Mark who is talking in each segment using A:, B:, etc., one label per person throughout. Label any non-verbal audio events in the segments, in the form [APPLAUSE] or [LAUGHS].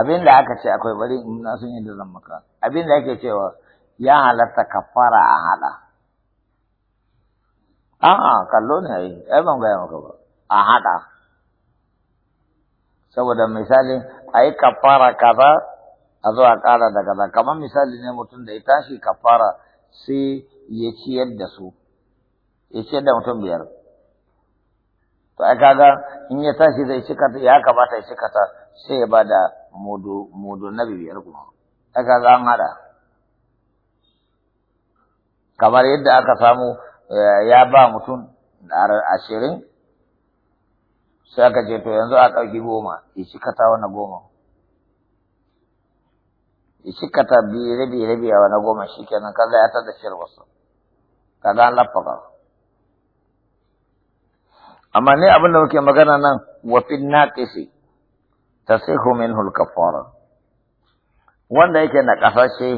A: abin da aka ce akwai bari in na sun yi da zan maka abin da ake cewa ya halatta kafara a hada a'a kallo ne ai ai ban gaya maka ba a hada saboda misali ai kafara kaza a zo a kara da kaza kamar misali ne mutum da ya tashi kafara sai ya ciyar da su ya ciyar da mutum biyar to ai kaga in ya tashi zai cika ya kamata ya cika ta sai ya bada mudu mudu na bibiyar kuma a kaga an hada kamar yadda aka samu eh, ya ba mutum ashirin sai aka ce to yanzu a ɗauki goma ya cika ta wani goma ya cika ta biyu rabi rabi a wani goma shi kenan kaga ya tada shirwarsa kaga an lafaka amma ne abin da muke magana nan wa fi naqisi tasihu minhu al-kafara wanda yake na kasashe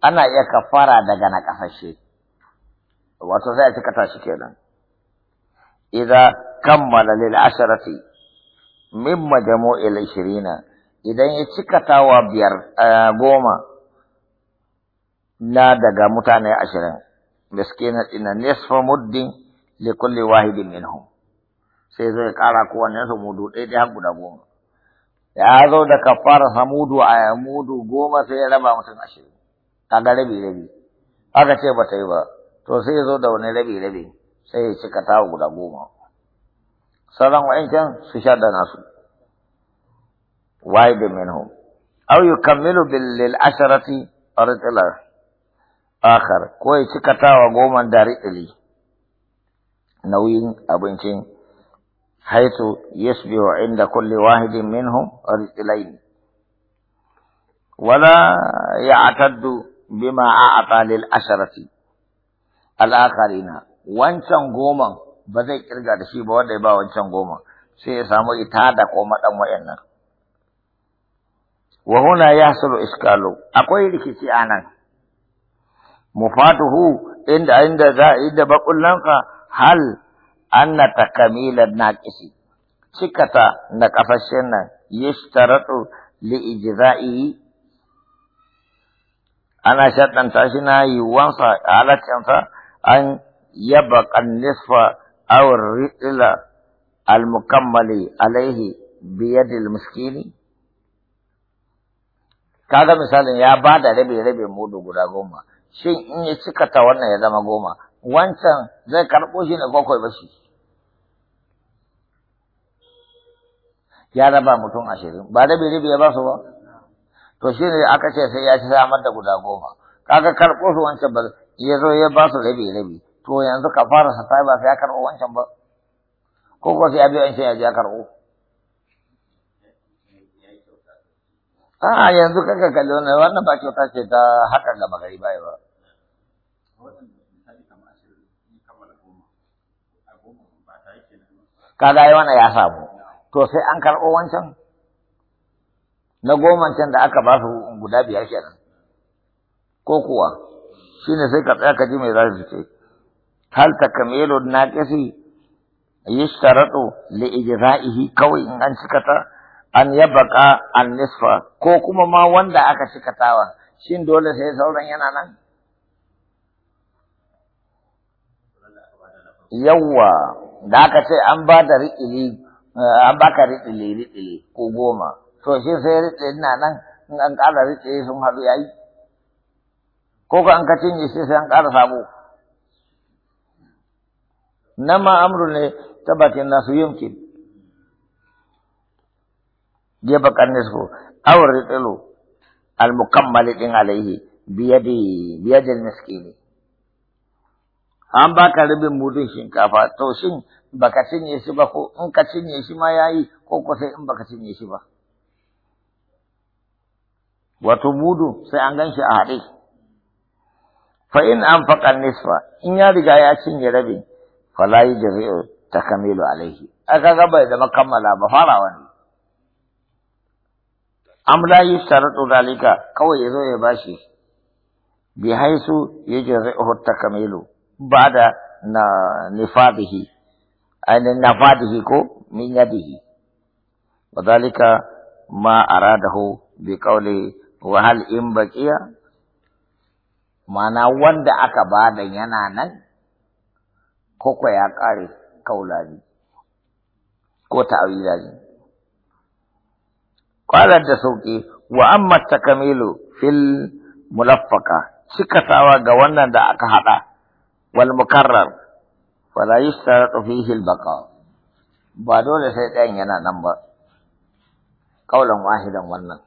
A: ana iya kafara daga na kasashe wato sai a cika tashi kenan idza kammala lil asharati min majmu'il 20 idan ya cika tawa biyar goma na daga mutane ashirin miskina ina nisfa muddin li kulli wahidin minhum sai zai ƙara kowanne su mudu ɗaya ɗaya guda goma ya zo da kafara sa mudu a mudu goma sai ya raba mutum ashirin kaga rabi rabi aka ce ba ta yi ba to sai ya zo da wani rabi rabi sai ya cika tawa guda goma sauran wa'ancan su sha da nasu wai da minhum Au yi kammilu lil asharati ritla Akar ko ya cika wa goma da ritli nauyin abincin حيث يشبع عند كل واحد منهم رجلين ولا يعتد a أعطى للأشرة الآخرين wancan goman ba zai kirga da shi ba wanda ya ba wancan goma. sai ya samu ita da koma dan wayannan wa huna yahsulu iskalu akwai rikici anan mufatuhu inda inda za inda bakullanka hal anna takamilan naqisi cikata na kafashin nan yishtaratu li ijza'i ana shaddan shi na yi wansa fa an yaba nisfa aw ridla al-mukammali alaihi biyadil miskini kaga misalin ya bada rabe rabe mudu guda goma shin in ya cikata wannan ya zama goma wancan zai karɓo shi ne kwakwai ba shi. Ya raba mutum ashirin, ba rabi rabi ya ba su ba? To shi ne aka ce sai ya ci samar da guda goma. Kaga karɓo su wancan ba ya zo ya ba su rabi rabi. To yanzu ka fara sa ta ba sai ya karɓo wancan ba. Ko kuwa sai ya biya wancan ya ji ya karɓo. A'a yanzu kaka kalli wannan wannan ba kyauta ce ta haka ga magari ba ba. kaga ai wani ya samu to sai an karɓo wancan na goma can da aka ba su guda biyar kenan ko kuwa shine sai ka tsaya ka ji mai za su ce hal takmilu yi sharaɗo li ijra'ihi kawai in an cikata an yabaka an nisfa ko kuma ma wanda aka cikatawa shin dole sai sauran yana nan yawwa da aka ce an ba da riƙili eh, an baka riƙili riƙili ko goma to shi sai riƙe na nan in an ƙara riƙe sun haɗu yayi ko ka an ka cinye shi sai an ƙara sabo nan ma amru ne ta bakin nasu yumkin jefa su awar riɗilo al-mukammali ɗin alaihi biyadi naski miskini an baka rabin mudun shinkafa to shin baka cinye shi ba ko in ka cinye shi ma yayi ko ko sai in baka cinye shi ba wato mudu sai an gan shi a haɗe fa in an faƙa nisfa in ya riga ya cinye rabin fala yi jazi'u takamilu alaihi aka ga bai zama makammala ba fara wani am la yushtaratu dalika kawai yazo ya bashi bi haisu ta takamilu ba'da na nifadihi ainihin nafadihi ko min yadihi wa ma aradahu bi qawli wa hal in baqiya mana wanda aka bada yana nan koko ya kare kaulani ko ta'awilani qalat da sauƙi wa amma Kamilu fil mulaffaka cikatawa ga wannan da aka haɗa. والمكرر فلا يشترط فيه البقاء بعدول سيدين ينا نمبر قولا واحدا ونن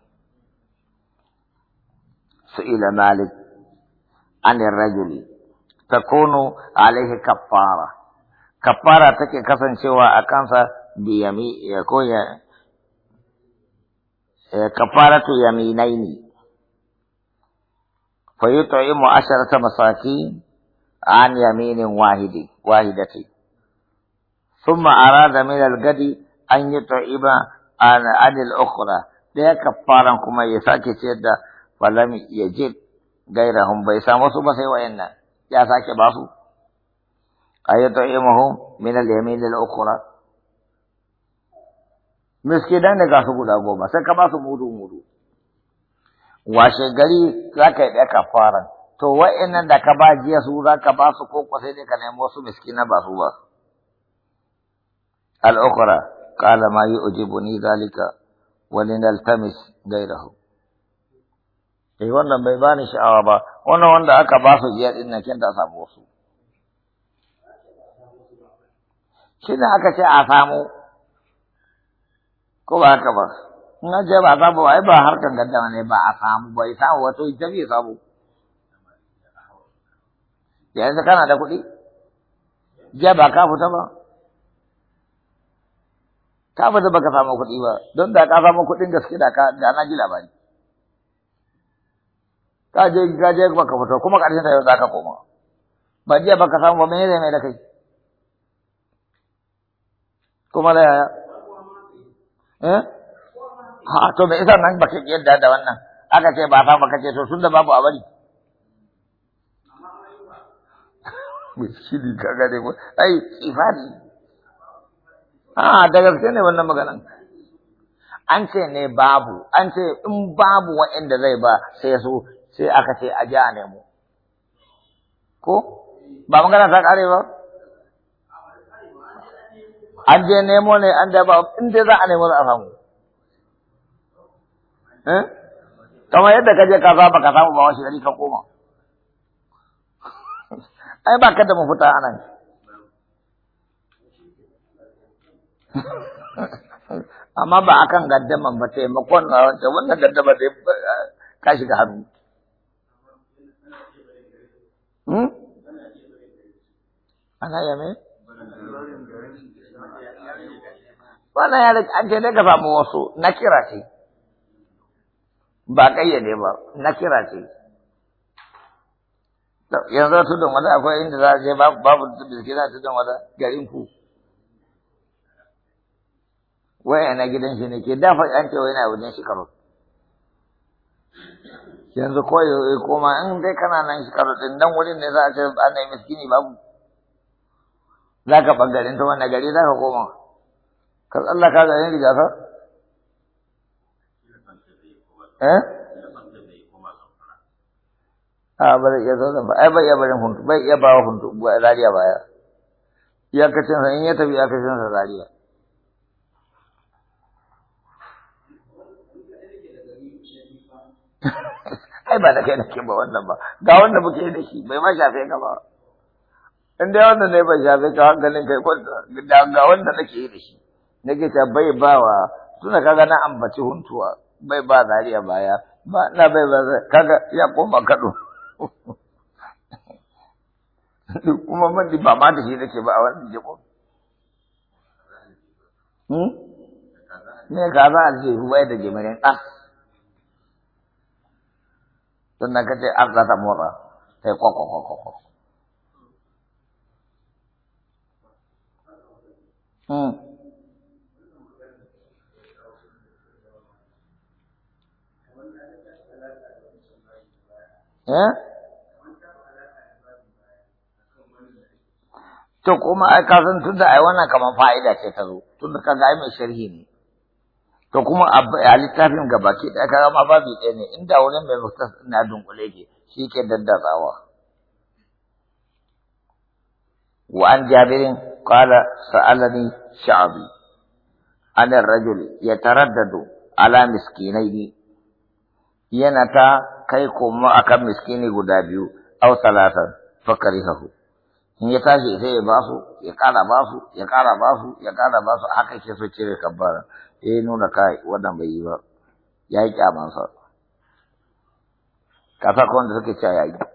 A: سئل مالك عن الرجل تكون عليه كفارة كفارة تكي كسن سوى أكانسا بيمي يكون كفارة يمينين فيطعم عشرة مساكين عن يمين واحد واحدة ثم أراد من الغد أن يتعب عن, عن الأخرى ده كفارا كما يساكي سيدا فلم يجد غيرهم بيسامو سبا سيوا إنا يا ساكي باسو أن يتعبهم من اليمين الأخرى مسكينا نغاسو قد أقوما سكباسو مودو مودو واشي gari za ka yi to wa'annan da ka ba jiya su za ka ba su ko kwasai ne ka nemo su miskina ba su ba al-ukhra qala ma yu'jibuni zalika wa linaltamis gairahu. eh wannan bai bani sha'awa ba wannan wanda aka ba su jiya din nan kin da samu su shine aka ce a samu ko ba aka ba na je ba samu ai ba harkan gaddama ne ba a samu bai samu wato ita bai samu yanzu kana da kuɗi jiya ba ka fita ba ka fita baka samu kuɗi ba don da ka samu kuɗin gaske da ka da na ji labari ka je ka je baka fita kuma ƙarshen ta yau za ka koma ba jiya baka samu ba mene ne mai da kai kuma da yaya eh ha to me isa nan baka yadda da wannan aka ce ba samu baka ce to da babu a bari miskini ka gane ko ai ifadi a da gaske ne wannan maganan an ce ne babu an ce in babu wa'anda zai ba sai so sai aka ce a ja ne mu ko ba magana ta kare ba an je nemo ne an da ba in dai za a nemo za a samu eh? kamar yadda ka je ka zaba ka samu ba washe gari ka koma ai ba ka da mafuta anan [LAUGHS] amma ba kan gaddaman ba taimakon na wancan wannan gaddama da eh, ka shiga hannu hmm? ana yame wannan ya an ce daga mu wasu na kira ce ba kayyade ba na kira ce yanzu a tudun wata akwai inda za a je babu za a tudun wata garin ku Wai na gidan shi ne ke dafa an ce wai na wajen shekaru yanzu ko ya eh, koma in dai kana nan shekaru din nan wurin ne za a ce ana yi miskini babu za ka ɓangaren ta wani gari za ka koma ka tsallaka yin rigasa eh a ba zai iya zan ba ai bai iya barin huntu bai iya bawa huntu rariya baya iyakacin sa in ya tafi iyakacin sa rariya ai ba da kai nake ba wannan ba ga wanda muke da shi bai ma shafe ka ba in dai wannan ne bai shafe ka hankalin kai ko da ga wanda nake da shi nake ta bai bawa tunda kaga na ambaci huntuwa bai ba zariya baya ba na bai ba kaga ya koma kaɗu. kuma man ba ma da shi nake ba a wani jiko ne hmm? ka za a ce ruwa da jimirin ɗan ah. tun nan kace an za ta mora sai kwakwakwakwakwa Yeah? Hmm. to kuma ai ka san tunda ai wannan kaman fa'ida ce ta zo tunda kaga ai mai sharhi ne to kuma a littafin gabaki ɗaya kaga ma babu ɗaya ne inda wani mai muktas na dunkule ke shi ke daddatsawa wa an jabirin qala sa'alani sha'abi an ya rajul yataraddadu ala miskinaini yana ta kai kuma akan miskini guda biyu aw salatan fakarihahu in ya tashi sai ya basu ya kara basu ya kara basu ya kara basu haka ke so cire kabbara eh nuna kai wannan bai yi ba ya yi kyamansa kasa kon da suke cewa ya